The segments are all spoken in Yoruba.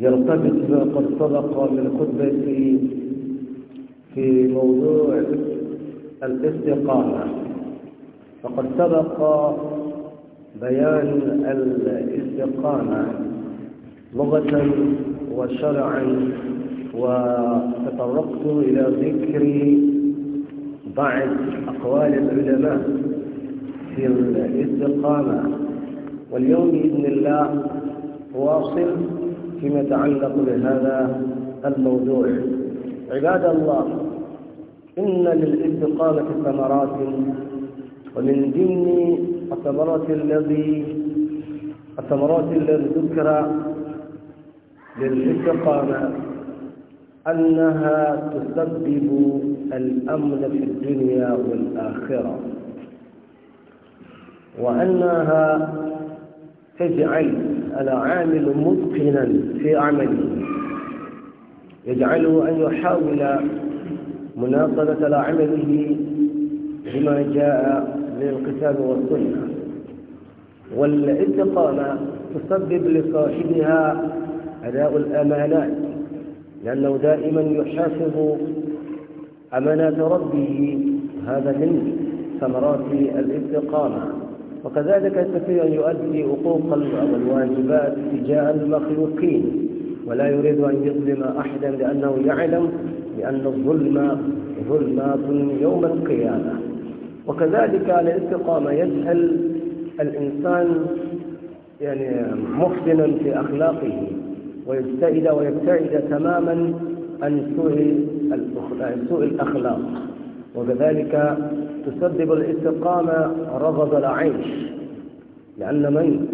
يرتبط ما قد سبق من خطبتي في موضوع الاستقامة فقد سبق بيان الاستقامة لغة وشرعا وتطرقت إلى ذكر بعض أقوال العلماء في الاستقامة واليوم بإذن الله واصل فيما يتعلق بهذا الموضوع عباد الله إن للاستقامة ثمرات ومن ضمن الثمرات الذي الثمرات التي ذكر للاستقامة أنها تسبب الأمن في الدنيا والآخرة وأنها تجعل المسألة عامل متقنا في عمله يجعله أن يحاول مناقضة لعمله بما جاء من الكتاب والسنة والاستقامة تسبب لصاحبها أداء الأمانات لأنه دائما يحافظ أمانات ربه هذا من ثمرات الاستقامة وكذلك يستطيع أن يؤدي حقوق والواجبات تجاه المخلوقين ولا يريد أن يظلم أحدا لأنه يعلم بأن الظلم ظلمات يوم القيامة وكذلك على الاستقامة يجعل الإنسان يعني محسنا في أخلاقه ويبتعد ويبتعد تماما عن سوء الأخلاق وكذلك تسبب الاستقامة رغض العيش لأن من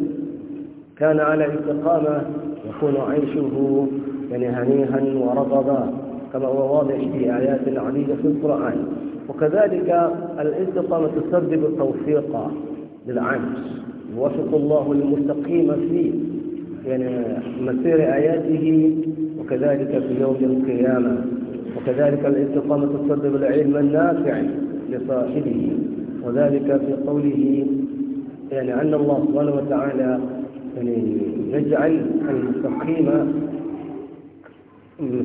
كان على استقامة يكون عيشه يعني هنيها ورغضا كما هو واضح في آيات عديدة في القرآن وكذلك الاستقامة تسبب التوفيق للعيش يوفق الله المستقيم في يعني مسير آياته وكذلك في يوم القيامة وكذلك الاستقامة تسبب العلم النافع لصاحبه وذلك في قوله يعني أن الله سبحانه وتعالى يعني يجعل المستقيم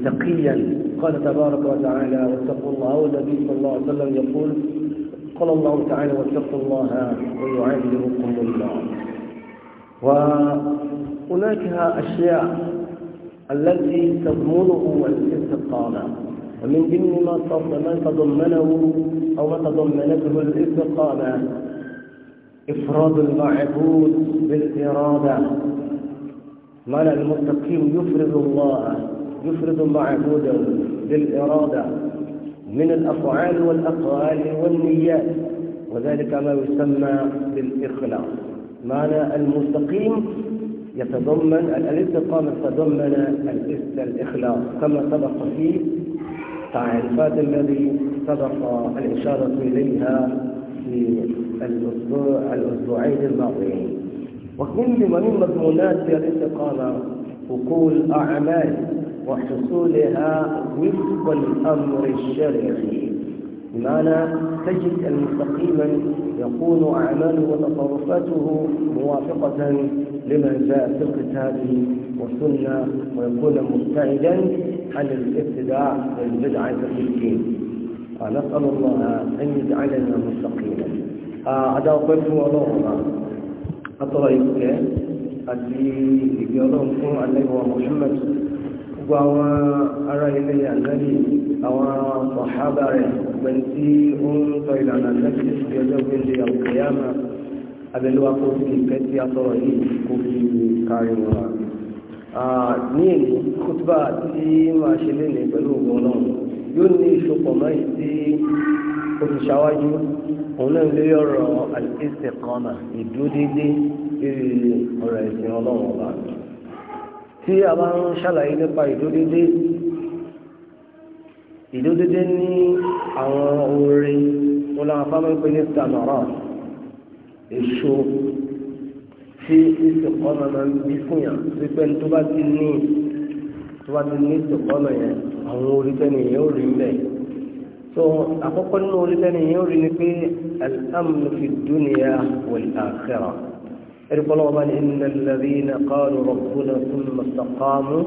تقيا قال تبارك وتعالى واتقوا الله والنبي صلى الله عليه وسلم يقول قال الله تعالى واتقوا الله ويعلمكم الله وهناك أشياء التي تضمنه الاستقامة ومن ضمن ما تضمنه أو ما تضمنته الاستقامة إفراد المعبود بالإرادة معنى المتقين يفرد الله يفرد معبوده بالإرادة من الأفعال والأقوال والنيات وذلك ما يسمى بالإخلاص معنى المستقيم يتضمن الاستقامة تضمن الإخلاص كما سبق في التعريفات الذي سبق الإشارة إليها في الأسبوع الأسبوعين الماضيين وكل من مضمونات الاستقامة وقول أعمال وحصولها وفق الأمر الشرعي بمعنى تجد المستقيما يكون أعماله وتصرفاته موافقة لما جاء في الكتاب والسنة ويكون مبتعدا عن الابتداع والبدعة في الدين نسأل الله أن يجعلنا مستقيما آه، هذا قلت اللهم أطريك أتي يقولون فهم عليه محمد وهو أرى إلي النبي أو صحابة من تيهم طيلا النبي يجب إلي القيامة أبلوا قوتي كتي أطريك كوفي كاري ní èyí kútùbà tí máa ṣe lélẹ̀ pẹ̀lú ògùn náà yóò ní ìṣòpọ̀ mọ́ èyí tí olùṣàwájú òun náà lórí ọ̀rọ̀ al-istiqama ìdúdédé lórí ọ̀rọ̀ ìsìn ọlọ́run ọba tí a bá ń ṣàlàyé nípa ìdúdédé ìdúdédé ní àwọn orin wọn afámẹ́pẹ́ ní tamara èso tí ìsìnkọ́nà máa ń bí fún yàn wípé tó bá ti ní tó bá ti ní ìsìnkọ́nà yẹn àwọn orílẹ̀-èdè yẹn ò rí ń bẹ̀. tó àkọ́kọ́ nínú orílẹ̀-èdè yẹn ò rí ni pé be to akoko ninu orile ede yen o ri ni pe al fi dúnìyà dunya wal ẹni ẹ̀rìkọ́ wọn bá ní iná inna alladhina qalu rabbuna thumma istaqamu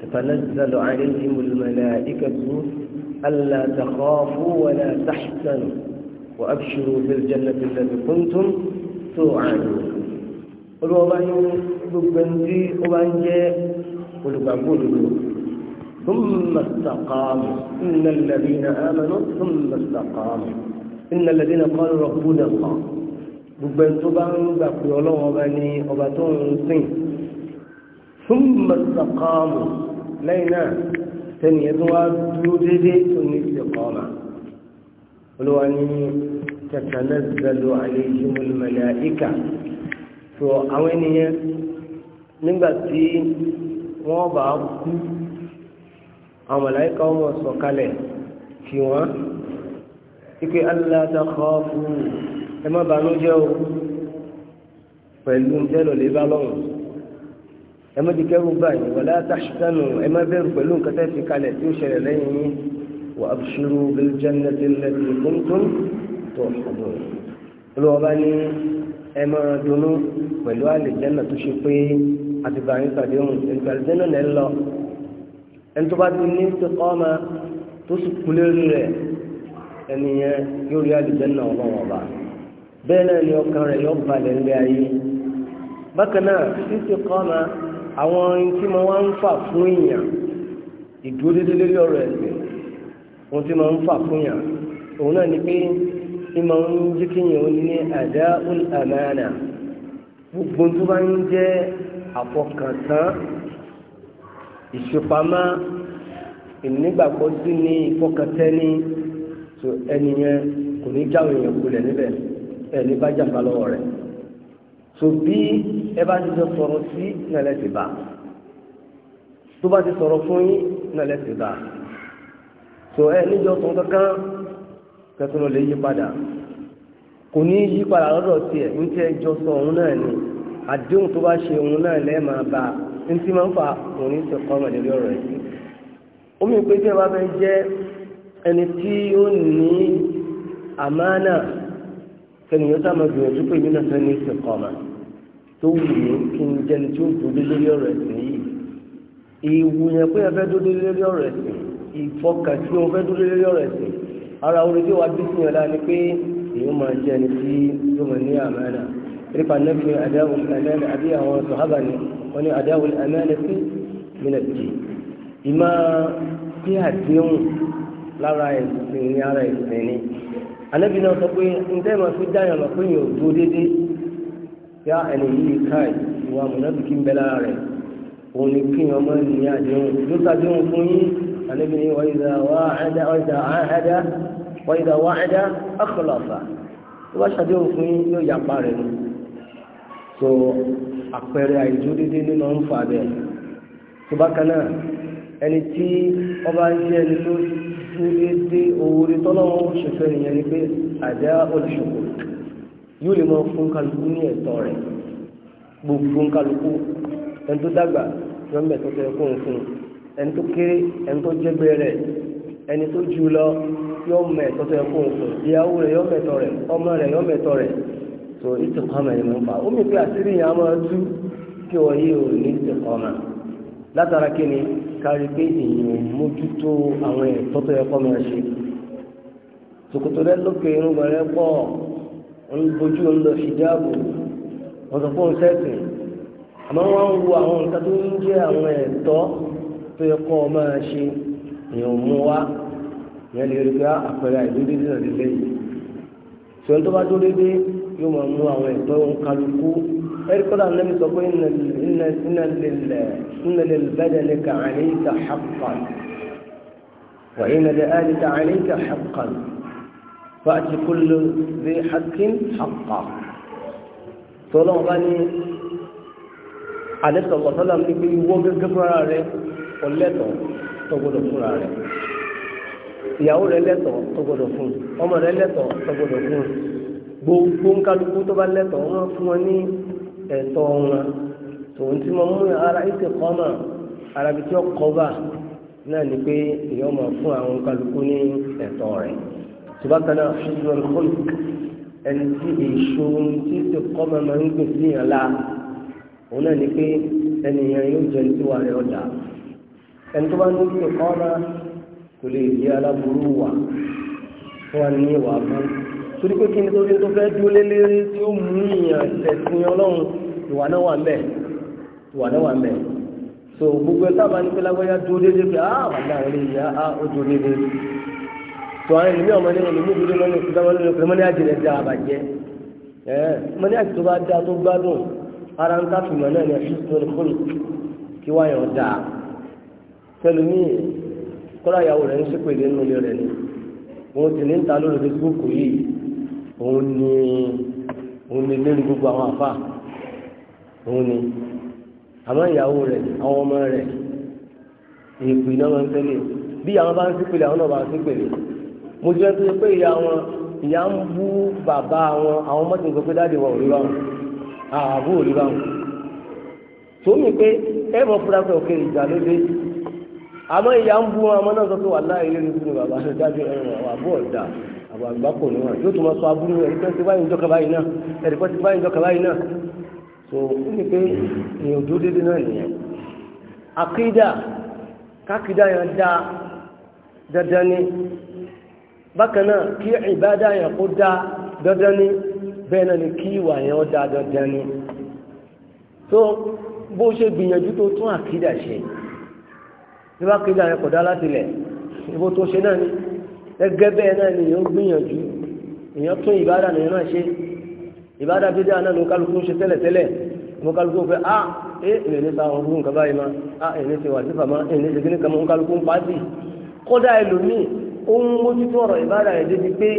tatanazzalu alayhim al-mala'ikatu alla takhafu wa la tahzanu wa abshiru bil jannati allati kuntum tu'adun. olùwọ́ bá ní gbogbo ẹni tí ó bá ń jẹ́ olùgbàgbọ́ òdodo ثم استقاموا إن الذين آمنوا ثم استقاموا إن الذين قالوا ربنا الله gbogbo ẹni tó bá ń gbà pé ọlọ́run ọba ní ọba tó ń sìn fún mọ̀sàkọ́ọ̀mù lẹ́yìn náà tẹ́ni ẹ̀ tó wá dúró dédé tó ní ìsìnkọ́ọ̀mà olúwa ní tẹ̀tẹ̀lẹ́sẹ̀lú àlejò mọ̀lẹ́mọ̀lẹ́ àìkà so àwọn ènìyàn nígbà tí wọ́n bá kú àwọn màláíkà wọn sọ̀kalẹ̀ kí wọ́n ike Allah takhafu ẹ má bànújẹ́ o pẹ̀lú ntẹ́lọ̀ lè bá lọ́rùn ẹ má ti kẹ́rù báyìí wala tahzanu ẹ má bẹ̀rù pẹ̀lú nǹkan tẹ́ fi kalẹ̀ tí ó ṣẹlẹ̀ lẹ́yìn yín wa abshiru bil jannati allati kuntum tuhadun olùwọ́ba ní ẹ máa dunú pẹ̀lú àlìjẹ́nà tó ṣe pé àtìgbà yín pàdé òun ìgbà àlìjẹ́nà lẹ́ lọ ẹni tó bá ti ní ti kọ́ ọmọ tó sì kú lérí rẹ̀ ẹni yẹn yóò rí àlìjẹ́nà ọlọ́wọ́ ọba bẹ́ẹ̀ náà ni ọkàn rẹ̀ yóò balẹ̀ ńlẹ̀ ayé bákan náà títí kọ́ ọmọ àwọn ohun tí mo wá ń fà fún èèyàn ìdúró dédé lórí ọ̀rọ̀ ẹ̀sìn ohun tí mo ń fà fún èèyàn òun náà ni pé ní máa ń jẹ́ kéèyàn ó ní àdá olùhàmánà gbogbo tó bá ń jẹ́ àfọkàntán ìṣùpamọ́ ìnígbàgbọ́ sí ní ìfọkàntẹ́ni tó ẹni yẹn kò ní jáwé èèyàn kulẹ̀ níbẹ̀ ẹni bá jàmbá lọ́wọ́ rẹ̀ tó bí ẹ bá ti sọ̀rọ̀ sí nílẹ̀ ti bá tó bá ti sọ̀rọ̀ fún yín nílẹ̀ ti bá tó ẹ níjọ sọ kankan. kẹtọ́lọ́ lè yí padà kò ní yí padà lọ́dọ̀ tiẹ̀ ń tẹ́ jọ sọ òun náà ni àdéhùn tó bá ṣe òun náà lẹ́ẹ̀ máa bá a ń tí máa ń fa òun ní sọ̀kọ́ ọmọdébí ọ̀rọ̀ yìí omi pé tí ẹ bá fẹ́ jẹ́ ẹni tí ó ní àmánà kẹnìyàn sáà máa gbìyànjú pé èmi náà fẹ́ ní ọmọ tó wù mí kí n tí ara orí tí wàá bí sí ọ̀la ni pé èèyàn máa jẹ́ ẹni tí yóò máa ní àmánà nípa nẹ́fẹ̀ adáwòl àmánà àbí àwọn sọ̀hábà ni wọ́n ní adáwòl àmánà sí mílẹ̀ jì ìmọ̀ pé àdéhùn lára ẹ̀sìn ní ara ẹ̀sìn ni anábì náà sọ pé ǹjẹ́ máa fi dáyà lọ pé yóò dúró dédé yá ẹni yìí káì ìwà mọ̀nàbìkí ń bẹ lára rẹ̀ òun ni kí wọ́n máa ní àdéhùn ló sàdéhùn fún yín النبي وإذا وعد وإذا عاهد وإذا وعد أخلف وأشهد يوفي يجبرني so àpẹẹrẹ àìjú dídí nínú ń fà bẹ́ẹ̀ tó bákan náà ẹni tí ọba jẹ́ ẹni tó dédé owó rí tọ́lọ́wọ́ ṣẹfẹ́ nìyẹn ni pé àjá olùṣòkò yóò lè mọ fún kálukú ní ẹ̀tọ́ rẹ̀ gbogbo fún kálukú ẹni tó dàgbà yọ mẹ́tọ́ tẹ́ kóhun fún un ẹni tó kéré ẹni tó jẹgbẹ rẹ ẹni tó jù lọ yóò mọ ẹ̀tọ́ tó yẹ kó o fún ìyàwó rẹ yóò mẹtọ rẹ ọmọ rẹ yóò mẹtọ rẹ tó ìtìkọmọ yìí máa ń látara kí ni kárí pé èèyàn mójútó àwọn ẹ̀tọ́ tó yẹ kó máa ṣe tòkòtò rẹ lókè irúgbà rẹ pọ̀ ń bójú ń lọ ṣìjáàbò wọn sọ fún àmọ́ wọ́n ń wo àwọn nǹkan tó ń jẹ́ àwọn ẹ̀tọ́ tó yẹ kọ́ ọ máa ṣe èèyàn mú wá ìyẹn lè rí pé ah, àpẹẹrẹ àìdúdé náà lè lẹ́yìn ṣùgbọ́n tó bá tó dédé yóò máa mú àwọn ẹ̀tọ́ kálukú ẹ̀rí kọ́lá nàbí sọ pé ìnàlẹ̀ bẹ́ẹ̀lẹ̀ kà àlẹ́yìíká haqqan wà ìnàlẹ̀ àlẹ́yìíká àlẹ́yìíká haqqan fàtí kúlù bí haqqin haqqan tọ́lọ́ bá ní àlẹ́sọ̀lọ́sọ́lá ní pé ìwọ́ gẹ́gẹ́ fúnra rẹ̀ ọlẹ́tọ̀ tó gbọdọ̀ fúnra rẹ̀ ìyàwó rẹ̀ lẹ́tọ̀ tó gbọdọ̀ fún ọmọ rẹ̀ lẹ́tọ̀ tó gbọdọ̀ fún gbogbo nkálukú tó bá lẹ́tọ̀ wọn fún wọn ní ẹ̀tọ́ wọn tòun tí mo mú ara ìsè kọ́mà arabi tí ó kọ́bà náà ni pé èèyàn máa fún àwọn nkálukú ní ẹ̀tọ́ rẹ̀ tùbákanná ṣùgbọ́n kọ́lù ẹni tí èso tí ìsè kọ́mà máa ń gbèsè yàn la òun náà ni pé ẹnìyàn yóò jẹun tí wàá rẹ̀ ọ̀dà ẹni tó bá ní kí ọ̀nà kò lè jẹ́ aláburú wà fún wa ní ìwà fún torí pé kí ni tó ní tó fẹ́ dúró lélẹ́rí tí ó mú ìyàn tẹ̀sìn ọlọ́run ìwà náà wà mẹ́ ìwà náà wà mẹ́ so gbogbo ẹ sábà ní pé lágbáyà dúró déédéé pé ah wàlá àwọn ilé ìyá ah, ah ó dúró déédéé tó àwọn ènìyàn ọmọ ní ọmọ ìdílé lọ́nà ìfúdá wọn lọ́nà ìfúdá mọ́ní àjẹlẹ̀ dá àbàjẹ́ ẹ mọ́ní àti tó bá dá tó gbádùn pẹ̀lú ní kọ́lá ìyàwó rẹ̀ ń ṣépè nínú ni òun sì ní ń ta lórí Facebook yìí òun ni òun ni lórí gbogbo àwọn àfà òun ni àmọ́ ìyàwó rẹ̀ àwọn ọmọ rẹ̀ èèpì náà máa ń tẹ́lẹ̀ bí àwọn bá ń ṣépèlè àwọn náà bá ń ṣépèlè mo jẹ́ pé pé ìyá wọn ìyá ń bú bàbá wọn àwọn ọmọ tí ń sọ pé wọn ò rí báwọn ààbò ò rí báwọn tòun mi pé ẹ mọ̀ fúra òkè ìjà ló àmọ́ ìyá ń bu wọn àmọ́ náà sọ pé wà láàyè lórí fún bàbá àti dájú ẹ̀rọ àwọn àbọ̀ ọ̀dà àwọn àgbà kò ní yóò tún sọ so ó ní pé èèyàn dúró déédéé náà nìyẹn àkídà kákídà yẹn dá dandan ni bákan náà kí ìbádà yẹn kó dá dandan ni bẹ́ẹ̀ náà ni kí ìwà yẹn dá dandan ni bó ṣe nígbà kejì àyẹ̀ kọ̀dá láti lẹ̀ ìbò tó ṣe náà ni gẹ́gẹ́ bẹ́ẹ̀ náà ni èèyàn gbìyànjú èèyàn tún ìbádà nìyẹn náà ṣe ìbádà bídà náà ló kálukú ṣe tẹ́lẹ̀tẹ́lẹ̀ mo kálukú fẹ́ a ẹ èlé ní sáwọn ọdún nǹkan báyìí ma a èlé ti wà sífà ma èlé ti kíní kan mo kálukú ń pàṣẹ kódà ẹlòmíì ó ń mójútó ọ̀rọ̀ ìbádà rẹ̀ débi pé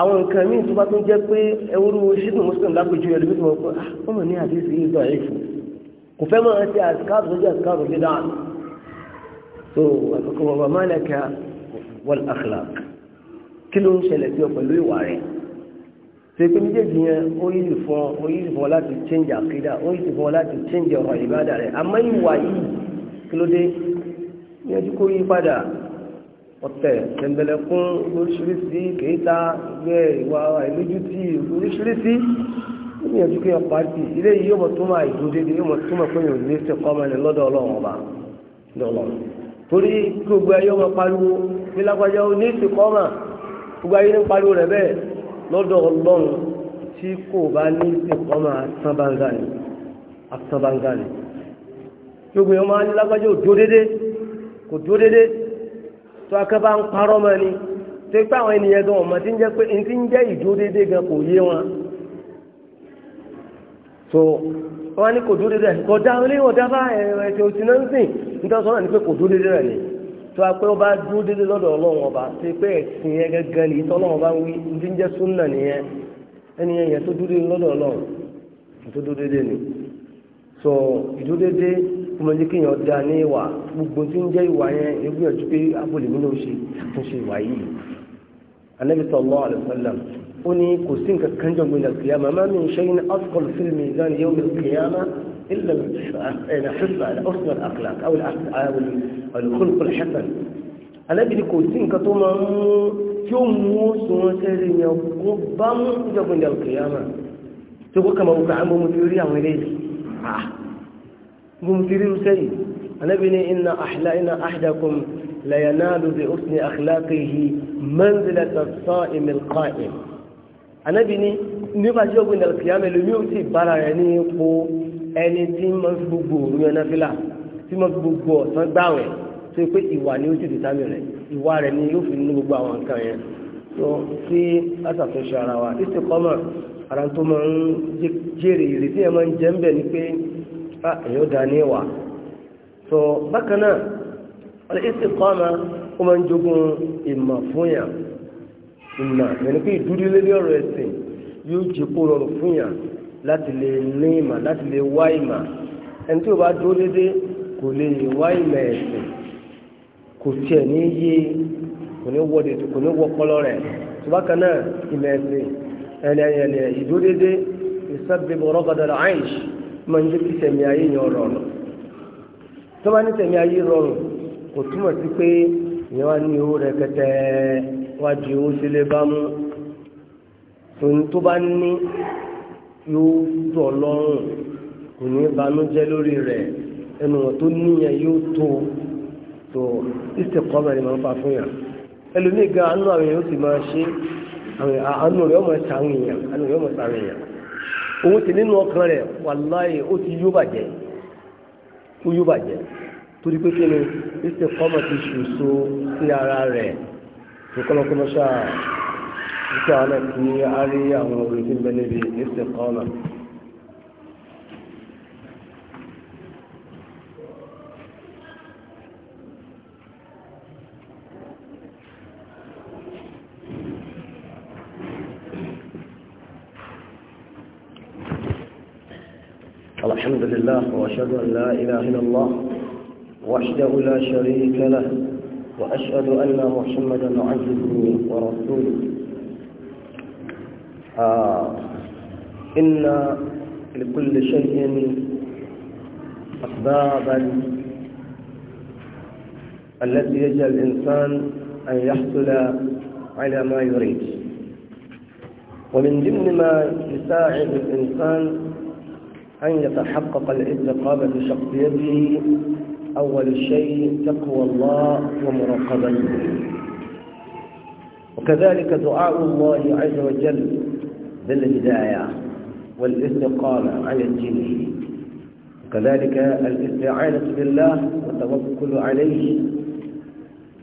àwọn nǹkan míì tó bá tún jẹ́ pé ẹwúrú ṣínú mùsùlùmí lápẹjù ẹ̀ lóbi tó wọ́n pé ọmọ ní àdéhùn yìí yìí fún kò fẹ́ mọ́ ẹ ti àsìkáàtò lójú àsìkáàtò lé dáhùn so àkọ́kọ́ bàbá málaka wal akhlaq kí ló ń ṣẹlẹ̀ sí ọ pẹ̀lú ìwà rẹ̀ ṣe pé méjèèjì yẹn ó yí ìfọ́ ó yí ìfọ́ láti change àkídà ó yí ìfọ́ láti change ọ̀rọ̀ ìbádà rẹ̀ àmọ́ ìwà yìí kí ló dé yẹjú kó yí padà ọ̀tẹ̀ tẹ̀m̀bẹ̀lẹ̀kún lóríṣiríṣi kèéta gbẹ ìwà ìlójútì lóríṣiríṣi yẹjú kí yẹn pàtì ilé yìí yóò mọ̀ tó máa ìdúró torí gbogbo ayé ọmọ pariwo bí lágbájá ó ní ìsìnkọ́mà gbogbo ayé ní pariwo rẹ̀ bẹ́ẹ̀ lọ́dọ̀ ọlọ́run tí kò bá ní ìsìnkọ́mà àtàbàǹgàlì àtàbàǹgàlì gbogbo ọmọ ní lágbájá ò dúró dédé kò dúró dédé tó akẹ́bà ń parọ́ mọ́ ni tó ipá àwọn ènìyàn gan ọmọ tí ń jẹ́ pé ní ti ń jẹ́ ìdúró dédé gan kò yé wọn wọ́n ní kò dúró rẹ̀ kò dá ilé wọn dá bá ẹ̀ṣẹ̀ òsì náà ń sìn nítorí sọ́nà ni pé kò dúró rẹ̀ ni tó a pé ó bá dúró dédé lọ́dọ̀ ọlọ́run ọba ṣe pé ẹ̀sìn yẹn gẹ́gẹ́ ni ìtọ́ ọlọ́run ọba ń wí ní jẹ́ súnà nìyẹn ẹni yẹn yẹn tó dúró dédé lọ́dọ̀ ọlọ́run tó dúró dédé ni sọ ìdúró dédé kọmọdé kéèyàn da ní ìwà gbogbo tí ń jẹ́ ìwà yẹn egbìyànjú pé abúlé mi náà ṣe àtúnṣe ìwà yìí Ànábì sallallahu alaihi wasallam أني كسينك كنجم من القيامة ما من شيء أثقل في الميزان يوم القيامة إلا الحفظ على أصل الأخلاق أو الخلق الحسن ألا بني كسينك توما تومو سنسرين يقبام جب من القيامة تقول كما وقع ممتوريا وليس ممتوري سيد أنا بني إن أحلائنا أحدكم لا ينال بحسن أخلاقه منزلة الصائم القائم anábì ní nípa tí ogun ìdàlùkì yá mẹ́lú ní ó sì bára rẹ̀ ní ipò ẹni tí ma fi gbogbo òru ẹ̀nà fílà tí ma fi gbogbo ọ̀sán gbàwẹ̀ tó pé ìwà ni ó sì dìtámì rẹ̀ ìwà rẹ̀ ni yóò fi ní gbogbo àwọn nǹkan yẹn tó sí àṣàtúnṣe ara wa títí kọ́mọ̀ ara tó máa ń jèrè ìrètí ẹ̀ máa ń jẹ́ ń bẹ̀ ni pé èèyàn dá ní ìwà tó bákan náà ọ̀lẹ́ ìsìnkọ́mọ̀ ó máa ń jogún ìmọ̀ fún yàn ìmọ̀ yẹn ni pé ìdúró lórí ọ̀rọ̀ ẹ̀sìn yóò jẹ́ kó rọrùn fún yàn láti lè ní ìmọ̀ láti lè wá ìmọ̀ ẹni tí o bá dúró dédé kò lè wá ìmọ̀ ẹ̀sìn kò tiẹ̀ ní yé kò ní wọ dètò kò ní wọ kọlọ rẹ̀ tubaka náà ìmọ̀ ẹ̀sìn ẹ̀lẹ̀ ẹ̀lẹ̀ ìdúró dédé ìsábẹ̀bọ̀ rọ́gàdàlà àìsí máa ń jẹ́ kí tẹ̀mí ayé yẹn rọrùn tó ní tẹ̀mí ayé rọrùn kò túmọ̀ sí pé ìyẹn wá ní owó rẹ̀ kẹtẹ́ẹ́ wájú ó ṣe lè bá mú tòun tó bá ní yóò dọ̀ lọ́rùn kò ní banújẹ́ lórí rẹ̀ ẹnu wọn tó níyẹn yóò tó tó ìsìnkọ́mọ̀ ni máa ń fa fún yàn ẹlòmíì gan anú àwọn èèyàn ó sì máa ṣe àánú rẹ̀ ọmọ ṣàwọn èèyàn àánú rẹ̀ ọmọ ṣàwọn èèyàn òun ti nínú ọkàn rẹ̀ wàláhì ó ti yó bàjẹ́ ó yó bàjẹ́ torí pé kí ni ìsìnkọ́mọ̀ ti ṣùṣọ sí ara rẹ̀. kọ́lọ́ kọ́lọ́ ṣáà ṣíṣe àwọn náà ní a rí àwọn obìnrin tí ń bẹ níbi ìṣẹ̀ kọ́ọ̀nà. الحمد لله واشهد ان لا اله الا الله وحده لا شريك له وأشهد أن محمدا عبده ورسوله آه إن لكل شيء أسبابا التي يجعل الإنسان أن يحصل على ما يريد ومن ضمن ما يساعد الإنسان أن يتحقق الاستقامة شخصيته أول شيء تقوى الله ومراقبته وكذلك دعاء الله عز وجل بالهداية والاستقامة عن الجن وكذلك الاستعانة بالله والتوكل عليه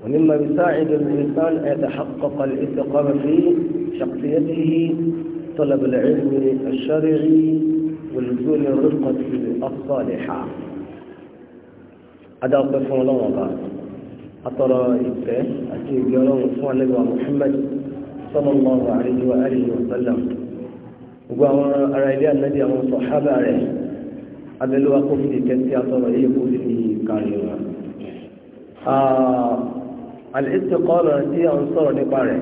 ومما يساعد الإنسان أن يتحقق الاستقامة في شخصيته طلب العلم الشرعي ولزوم الرفقة الصالحة adáwọ̀pẹ́ fún ọlọ́run ọba atọ́rọ ìfẹ́ àti ìgbé ọlọ́run fún alẹ́gbà Muhammad sallallahu alaihi wa alihi wa sallam gbogbo àwọn ará ilé ànábì àwọn sọ̀hábà rẹ̀ abẹ́lúwa kó fi ìkẹ́ sí atọ́rọ yìí kó fi kàrí wọn. al-istiqama tí à sọ̀rọ̀ nípa rẹ̀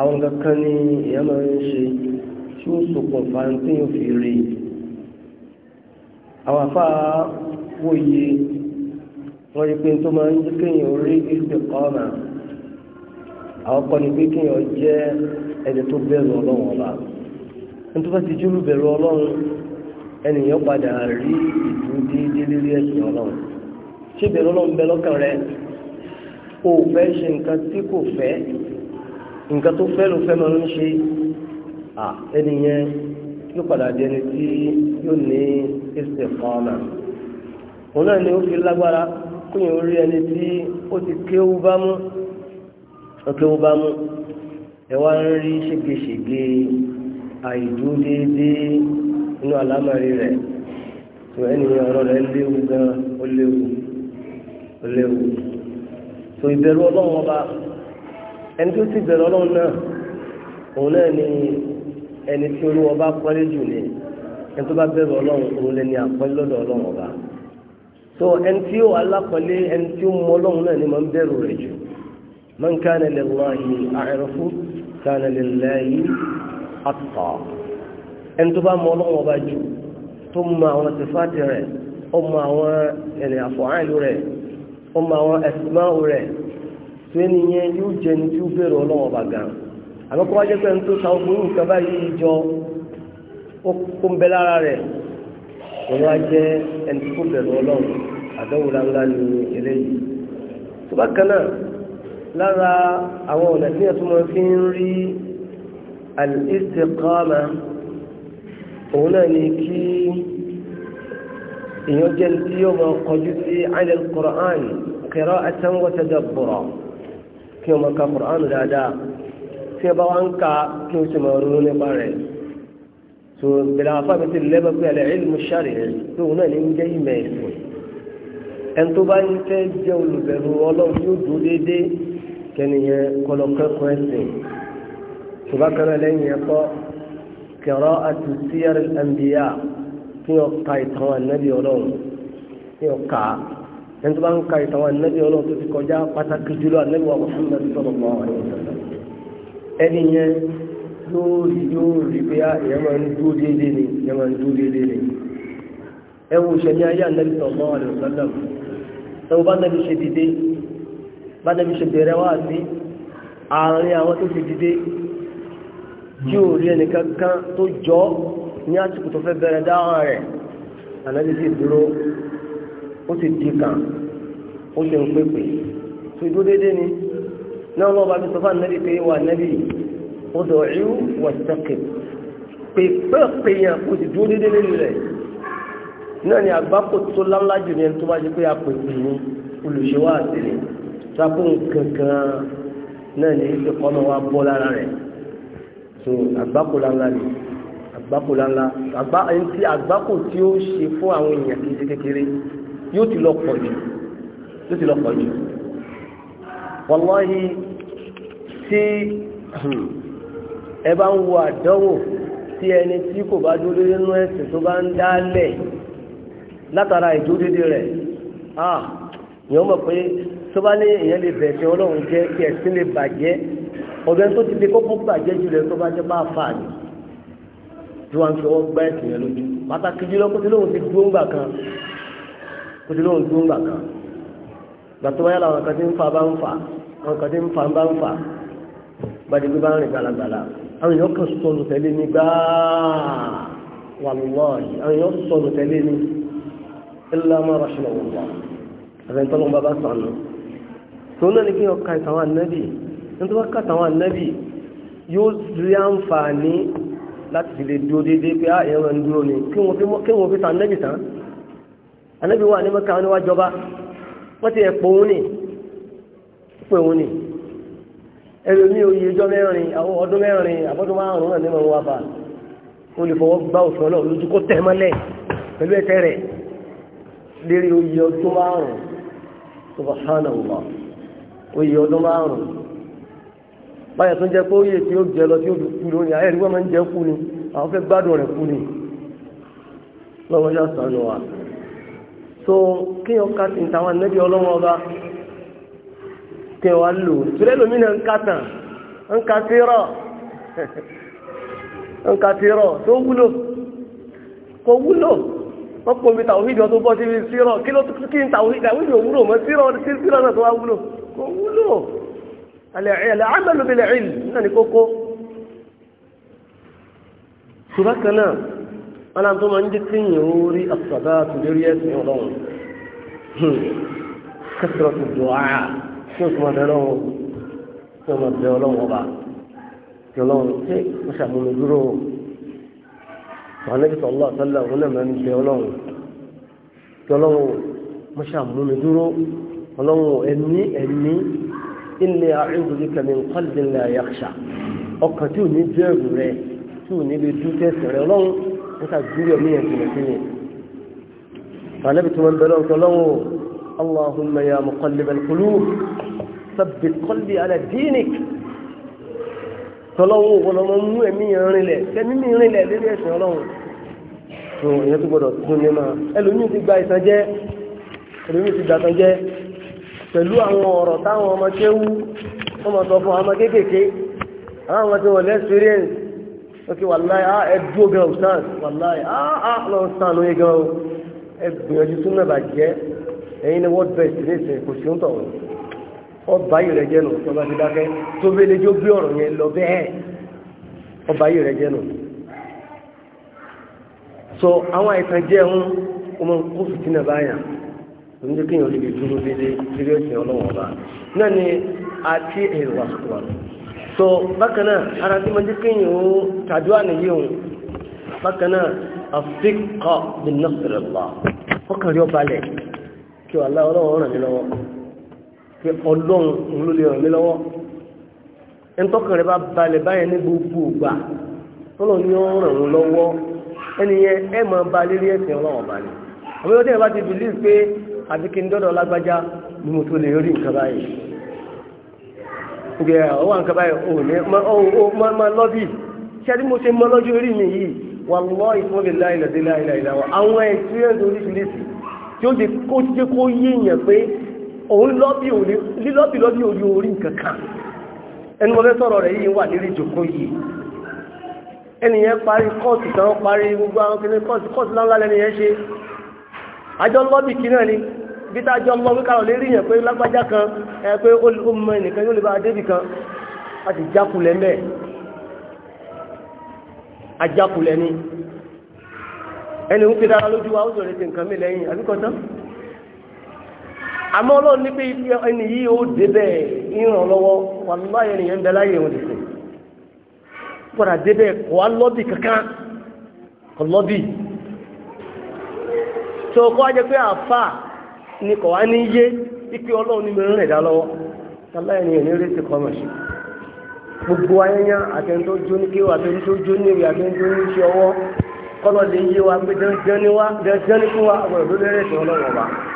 àwọn kankan ní ìyá máa ń ṣe tí ó ṣokùnfà tí yóò fi rí àwọn afá wòye wọ́n yí pé tó máa ń jẹ́ kéèyàn orí istiqama àwọn kan ní pé kéèyàn jẹ́ ẹni tó bẹ̀rù ọlọ́run ọba nítorí bá ti júlù bẹ̀rù ọlọ́run ẹnìyàn padà rí ìdú déédéé lórí ẹ̀sìn ọlọ́run ṣé bẹ̀rù ọlọ́run bẹ lọ́kàn rẹ o fẹ́ ṣe nǹkan tí kò fẹ́ nǹkan tó fẹ́ ló fẹ́ máa ń ṣe ẹnìyẹn yóò padà di ẹni tí yóò ní istiqama òun náà ni ó fi lágbára kéèyàn orí ẹni tí ó ti kéwú bá mú kéwú bá mú ẹ wá ń rí ṣégeṣège àìdúró déédéé inú àlámọ̀rí rẹ̀ tó ẹni ọ̀rọ̀ rẹ̀ léwu gan ó léwu ó léwu tó ìbẹ̀rù ọlọ́run ọba ẹni tó sì bẹ̀rù ọlọ́run náà òun náà ni ẹni tí olúwọ bá pọ́lé jù ní ẹni tó bá bẹ̀rù ọlọ́run òun lẹ́ni àpọ́lé lọ́dọ̀ ọlọ́run ọba so ẹni tí ó alápọ̀lé ẹni tí ó mọ ọlọ́run náà ni máa ń bẹ̀rù rẹ̀ jù man kana lillahi a'rafu kana lillahi atqa ẹni tó bá mọ ọlọ́run ọba jù tó mọ àwọn tìfáàtì rẹ̀ ó mọ àwọn ẹ̀nì àfọ̀hánìlú rẹ̀ ó mọ àwọn ẹ̀sìmáwò rẹ̀ tó ẹni yẹn yóò jẹ ẹni tí ó bẹ̀rù ọlọ́run ọba gan àmọ́ kó wá jẹ́ pé ẹni tó ta ogun nǹkan òun á jẹ́ ẹni tó bẹ̀rù ọlọ́run àdánwò ńláńlá ni eléyìí tó bá kan náà lára àwọn ọ̀nà tí ẹ̀tún mọ́ fi ń rí al-istiqama òun náà ni kí èèyàn jẹ́ tí yóò mọ kọjú sí ala al-Qur'an qira'atan wa tadabbura kí wọ́n mọ ka Qur'an dáadáa tí ẹ bá wá ń ka kí wọ́n sì mọ ronú nípa rẹ̀ so bẹ̀rẹ̀ àwọn afáàmì ti lẹ́bàá pé àlẹ́ ìlú sáré rẹ̀ pé òun náà ní ń jẹ́ ìmẹ̀ ẹ̀sìn ẹn tó bá ń fẹ́ jẹ́ olùbẹ̀rù ọlọ́run yóò dúró déédéé kẹ́niyẹn kọlọ́kẹ́kọ̀ọ́ ẹ̀sìn tó bá kẹ́rọ lẹ́yìn ẹ̀kọ́ kẹ̀rọ àti síyẹ́rì ẹ̀ǹbíyà kí wọ́n ka ìtàn ànábì ọlọ́run kí wọ́n ka ẹn tó ya rí yóò rí pé èèyàn ah, máa ń dúró déédéé ni èèyàn ń dúró déédéé ni ẹ ìṣẹ̀lẹ̀ ayé ànábì sọ̀mọ́ àlùsọ́lá ẹ wo ṣe dìde bá ṣe bẹ̀rẹ̀ wá sí àárín àwọn tó fi dìde tí ò rí ẹnìkan kan tó jọ ní àsìkò tó fẹ́ bẹ̀rẹ̀ dáhùn rẹ̀ ànábì sì dúró ó sì di kàn ó sì ń pèpè tó dúró ya ni náà wọ́n bá fi sọ fún ànábì pé odò ìlú wọ̀tẹ́kì pèpè pèyàn kò sì dúró dédé lórí rẹ̀ náà ni àgbákò tó láńlá jù ní ẹni tó bá jẹ́ pé apèpè ní olùṣèwà àtìlẹ̀ sábò kankan náà ní ìṣe kọ́nà wa bọ́ lára rẹ̀ so àgbákò láńlá ni àgbákò láńlá àgbákò tí ó ṣe fún àwọn èèyàn kì í ṣe kékeré yóò ti lọ pọ̀ jù ló ti lọ pọ̀ jù wàláhì tí ẹ bá ń wo àdánwò tí ẹni tí kò bá dúró dédé nínú ẹ̀sìn tó bá ń dálẹ̀ látara ìdúródédé rẹ̀ ah ìyẹn mọ̀ pé tó bá ní ìyẹn lè bẹ̀ẹ̀ tí ọlọ́run jẹ́ kí ẹ̀sìn lè bàjẹ́ ọ̀dọ́ tó ti lè kọ́kọ́ bàjẹ́ jù rẹ̀ tó bá jẹ́ bá fà ní tí wọ́n fi ọwọ́ gbá ẹ̀sìn yẹn lójú pàtàkì jùlọ kó ti lóun ti dúró ńgbà kan kó ti lóun dúró ńgbà kan gbàtọ́ wáyà làwọn kan ti ń fa bá ń fa àwọn kan ti ń fa bá ń fa gbàdégbé bá ń rìn gbàlagbàla àwọn èèyàn kan sọnù tẹ̀lé ní gbáà wallahi àwọn èèyàn sọnù tẹ̀lé ní illa ma rahimahullah àfẹ́ntọ́lọ́mọ bá sànù tó náà ní kí wọ́n ka ìtàwọn ànábì nítorí wọ́n ka ìtàwọn ànábì yóò rí àǹfààní láti fi lè dúró déédéé pé ẹ̀rọ ah, ń dúró ni kí wọ́n fi ta ànábì tán ànábì wà ní mẹ́ka níwájọba wọ́n ti ẹ̀ òun ni pọ̀ òun ni ẹlòmíì oyè ọjọ́ mẹ́rin àwọn ọdún mẹ́rin àbọ̀dún márùn-ún náà nínú wa bá o lè fọwọ́ gbá òfin ọlọ́run lójú kó tẹ̀ mọ́lẹ̀ pẹ̀lú ẹ̀tẹ́ rẹ̀ lérí oyè ọdún márùn-ún subhanallah oyè ọdún márùn-ún báyà tó ń jẹ́ pé oyè tí ó jẹ lọ tí ó fi kú lónìí ayé ìwé máa ń jẹ́ kú ni àwọn fẹ́ gbádùn rẹ̀ kú ni lọ́wọ́ yà sànù wa so kéèyàn ká sí ìtàwọn ẹ̀nẹ́bí ọlọ́wọ́ ọba kẹ wá lò tùlẹ̀ lómi náà ń ká tàn ń ká tírọ̀ ń ká tírọ̀ tó wúlò kò wúlò wọ́n pọ̀ mi tàwọn ìjọ tó bọ́ sí tírọ̀ kí ló kí n tàwọn ìjọ àwọn ìjọ wúlò mọ́ tírọ̀ sí tírọ̀ náà tó wá wúlò tí o tún ọdẹ lọ́wọ́ tí o mọ̀ bẹ ọlọ́wọ́ bá tí ọlọ́wọ́ tí o ṣàmúlò dúró wọn níbi sọlọ sọlọ òun náà máa ń bẹ ọlọ́wọ́ tí ọlọ́wọ́ mo ṣàmúlò dúró ọlọ́wọ́ ẹ̀mí ẹ̀mí ilẹ̀ àìwòye kẹmí nǹkan lè yàkṣà ọkàn tí ò ní bẹ̀rù rẹ tí ò ní lè dú tẹ̀sẹ̀ rẹ ọlọ́wọ́ níta dúró اللهم يا مقلب القلوب sabbit qalbi ala dinik tọ́lọ́wọ́ ọ̀pọ̀lọpọ̀ mú ẹ̀mí ìrìnlẹ̀ tẹ́mí mi ìrìnlẹ̀ lórí ẹ̀sìn ọlọ́run fún ìyẹn tó gbọdọ̀ tún ní máa ẹlòmíì ti gba ìtàn jẹ́ ẹlòmíì ti gbàtàn jẹ́ pẹ̀lú àwọn ọ̀rọ̀ táwọn ọmọ tí ó wú wọ́n mọ̀ sọ fún ọmọ kéékèèké àwọn ọmọ tí wọ́n lẹ́sìrìẹ́nsì ok wàláì á ah, ẹdúró gan ọ̀sán wàláì á á lọ sàn lóye gan ọ ẹgbìyànjú tún náà bàjẹ́ ẹ̀yin ni world best ni. ìsìn kò sí ń tọ̀ ọba yìí rẹ jẹ́ nù tọ́ba ti dákẹ́ tó bẹ́ẹ̀ lẹ́jọ́ gbé ọ̀rọ̀ yẹn lọ bẹ́ẹ̀ ọba yìí rẹ jẹ́ nù. sọ àwọn àìsàn jẹ́ ń ọmọ kó fìtínà báyà ń jẹ́ kéèyàn lè dúró déédéé sírí ẹ̀sìn ọlọ́wọ́n ọba náà ni àti ẹ̀rọ àsùnwà sọ bákan náà ara tí mo jẹ́ kéèyàn ó tàdúrà nìyí òun bákan náà àfikọ́ bí nàfẹ̀rẹ̀ lọ ọkàn rí ọba lẹ̀ kí wàhálà ọlọ́wọ́ ràn mí lọ́wọ́ pé ọlọ́run òun ló lè ràn mí lọ́wọ́ ẹni tọ́kàn rẹ bá balẹ̀ báyẹn ní gbogbo ìgbà tọ́lọ́run ni ó ràn òun lọ́wọ́ ẹni yẹn ẹ máa ba lérí ẹ̀sìn ọlọ́run ọba ni àwọn ọdẹ bá ti bìlí pé àti kí n dọ́dọ̀ lágbájá ni mo tó lè rí nǹkan báyìí gbẹ ọwọ́ nǹkan báyìí ò ní ma lọ́bì ṣé tí mo ṣe mọ́ lọ́jọ́ orí mi yìí wallahi ìfọ́nbẹ̀ láìláìláìláìláìláwọ̀ àwọn ẹ̀sìn oríṣiríṣi tí ó ti kó yéèyàn pé òun lílọ́bì lọ́bí orí orí nkankan ẹni mọ́ fẹ́ sọ̀rọ̀ rẹ̀ yìí wà nílé ìjòkó yìí ẹniyẹn parí kọ́ọ̀tù tán parí gbogbo àwọn kìnnì kọ́ọ̀tù kọ́ọ̀tù láńlá lẹ́niyẹn ṣe àjọ lọ́bì kí náà ni bí tá àjọ lọ́bì kárọ̀ lérí yẹn pé lágbájá kan ẹ pé ó mọ ẹnìkan yóò lè bá débì kan a ti jákulẹ̀ mẹ́ ajákulẹ̀ ni ẹni ń pè dára lójú wa ó sọ̀rọ̀ àmọ́ ọlọ́run ní pé ẹni yìí ó débẹ̀ ìrànlọ́wọ́ wàlúwàyẹ nìyẹn ń bẹ láyé òun ti sìn lọbị débẹ̀ kọ́ alọ́bì kankan ọlọ́bì tó kọ́ ajẹ́ pé àfà ni kọ̀ wá ní yé ike ọlọ́run ní mẹ́rin rẹ̀ gbogbo ayẹyẹ jó ní jó ní ní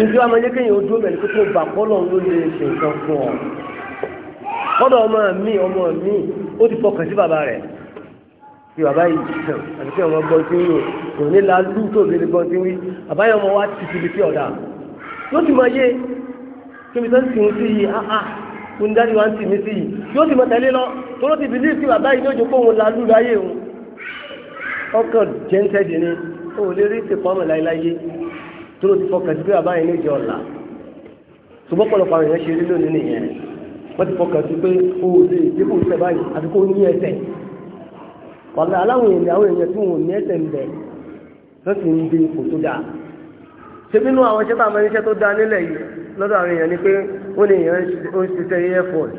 ìjọ amájẹ́kẹ́yìn ojú mẹ́rin kó tó bà bọ́lọ̀ ló lè ṣe nǹkan fún ọ kọ́dọ̀ ọmọ mi ọmọ mi ó ti fọkàn sí bàbá rẹ̀ tí bàbá yìí sàn àti tí ọmọ gbọ́n ti kò ní la lú tó lè gbọ́n ti wí bàbá yẹn ọmọ wa ti ti di ọ̀dà yóò ti máa yé tóbi tó ń sìn sí yìí áá kò ní dájú ń sìn mí sí yìí yóò ti máa tẹ̀lé lọ tó ló ti bìlí sí bàbá yìí lójú pé òun la lú láyé òun ọkàn jẹ́ńtẹ́dì ni òun lè rí ìsèpamọ́ láéláyé tó ló ti fọkàn sí pé bàbá yẹn ní ìjọ ọ̀la ṣùgbọ́n pọ̀lọpọ̀ àwọn èèyàn ṣe rí lónìí nìyẹn wọ́n ti fọkàn sí pé o ò lè dínkù ìṣẹ̀ báyìí àti kó ní ẹsẹ̀ wàlá aláwọn èèyàn àwọn èèyàn tí wọn ò ní ẹsẹ̀ ń bẹ̀ wọ́n ti ń gbé ipò tó dáa ṣé bínú àwọn iṣẹ́ tá a máa ń iṣẹ́ tó dáa nílẹ̀ yìí lọ́dọ̀ àwọn èèyàn ni pé ó ní èèyàn ó ń ṣiṣẹ́ airport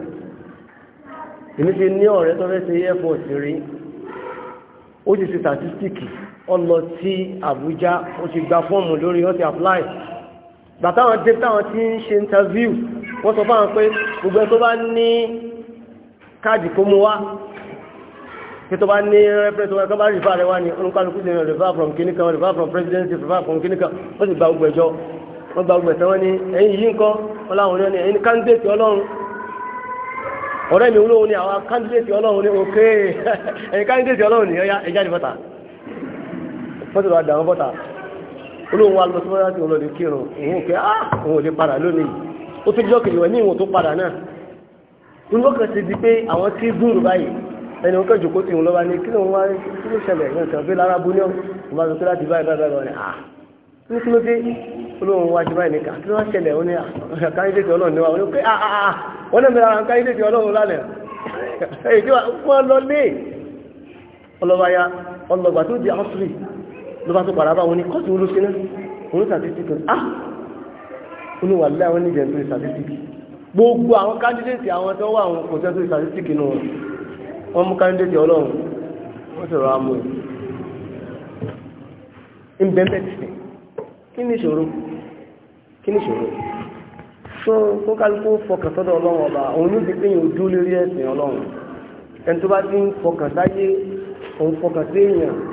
èmi ti ní ọ̀rẹ́ tó fẹ́ ṣe airport rí ó ti ṣe statistics ọlọ sí Àbújá ó ti gba fọ́ọ̀mù lórí ó ti apply gbàtàwọn dé táwọn ti ń ṣe interview wọ́n sọ fáwọn pé gbogbo ẹ tó bá ní káàdì kó mú wá kí tó bá ní rẹ́pẹ́rẹ́ tó wá kọ́ bá rìfà rẹ̀ wá ní olùkálukú ní rìfà from kìnìkan rìfà from presidency rìfà from kìnìkan wọ́n sì gba gbogbo ẹjọ́ wọ́n gba gbogbo ẹ̀sẹ̀ wọn ní ẹ̀yìn yìí ń kọ́ wọn láwọn ní ẹ̀yìn kándídéètì ọlọ́run ọ̀rẹ́ mi olóhùn ni àwọn kándídéètì ọlọ́run ní òkè ẹ̀yìn kándídéètì ọlọ́run ní ẹ̀yà ẹ̀jáde bọ́ta wọ́n ti lọ dà wọ́n bọ́ta olóhùn wa lọ sí mọ́tò wọn lọ́dẹ kírun òun kẹ́ á ah, òun ò lè padà lónìí ó tún jọ́ kejì wọn ní ìwọ̀n tó padà náà inú ọkàn ti di pé àwọn tí dùn báyìí ẹni wọn kẹjọ kó ti wọn lọ bá ní kí lóun wá kí ló ṣẹlẹ̀ náà tẹ̀ bí lára búlíọ̀ wọn bá sọ pé láti báyìí báyìí báyìí ah ní kí ló dé olóhùn wa ti báyìí nìkan kí ló wá ṣẹlẹ̀ wọn ah, ni ah, àkáyédèké tó di áfírí ló bá tó padà bá wọn ní kọ́ọ̀tù olú síná òun ah olúwa láwọn ní ìjẹun tó ní sàtísítì gbogbo àwọn kándídéètì àwọn tó wà àwọn kò sẹ́ńtò sàtísítì nù wọn mú kándídéètì ọlọ́run wọ́n sọ̀rọ̀ àmú ẹ̀ ìbẹ̀mẹ̀tì kí ni ìṣòro kí ni ìṣòro so kó kálukú fọkàn sọ́dọ̀ ọlọ́run ọba òun ní ti pín ojú lórí ẹ̀sìn ọlọ́run ẹni tó bá ti ń fọkàn sáyé òun fọkàn sí èèyàn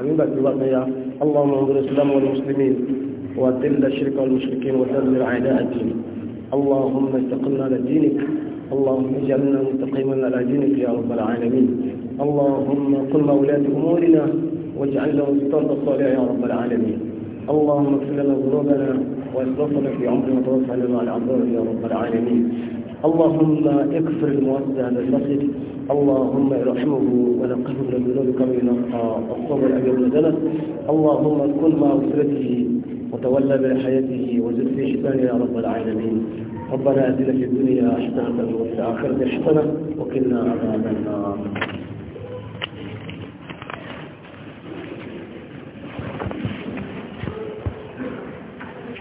أمين بك بقية اللهم انظر الإسلام والمسلمين وأذل الشرك والمشركين ودمر أعداء الدين اللهم استقمنا على دينك اللهم اجعلنا مستقيمين على دينك يا رب العالمين اللهم قل مولاة أمورنا واجعل لهم الصالح يا رب العالمين اللهم اغفر لنا ذنوبنا واسرفنا في عمرنا وتوفنا مع الأبرار يا رب العالمين اللهم اكفر الموزع للمسجد اللهم ارحمه ونقه من الذنوب كما ينقى الثوب الابيض اللهم كن مع اسرته وتولى بحياته وزد في حسنه يا رب العالمين ربنا اتنا في الدنيا حسنه وفي الاخره حسنه وقنا عذاب النار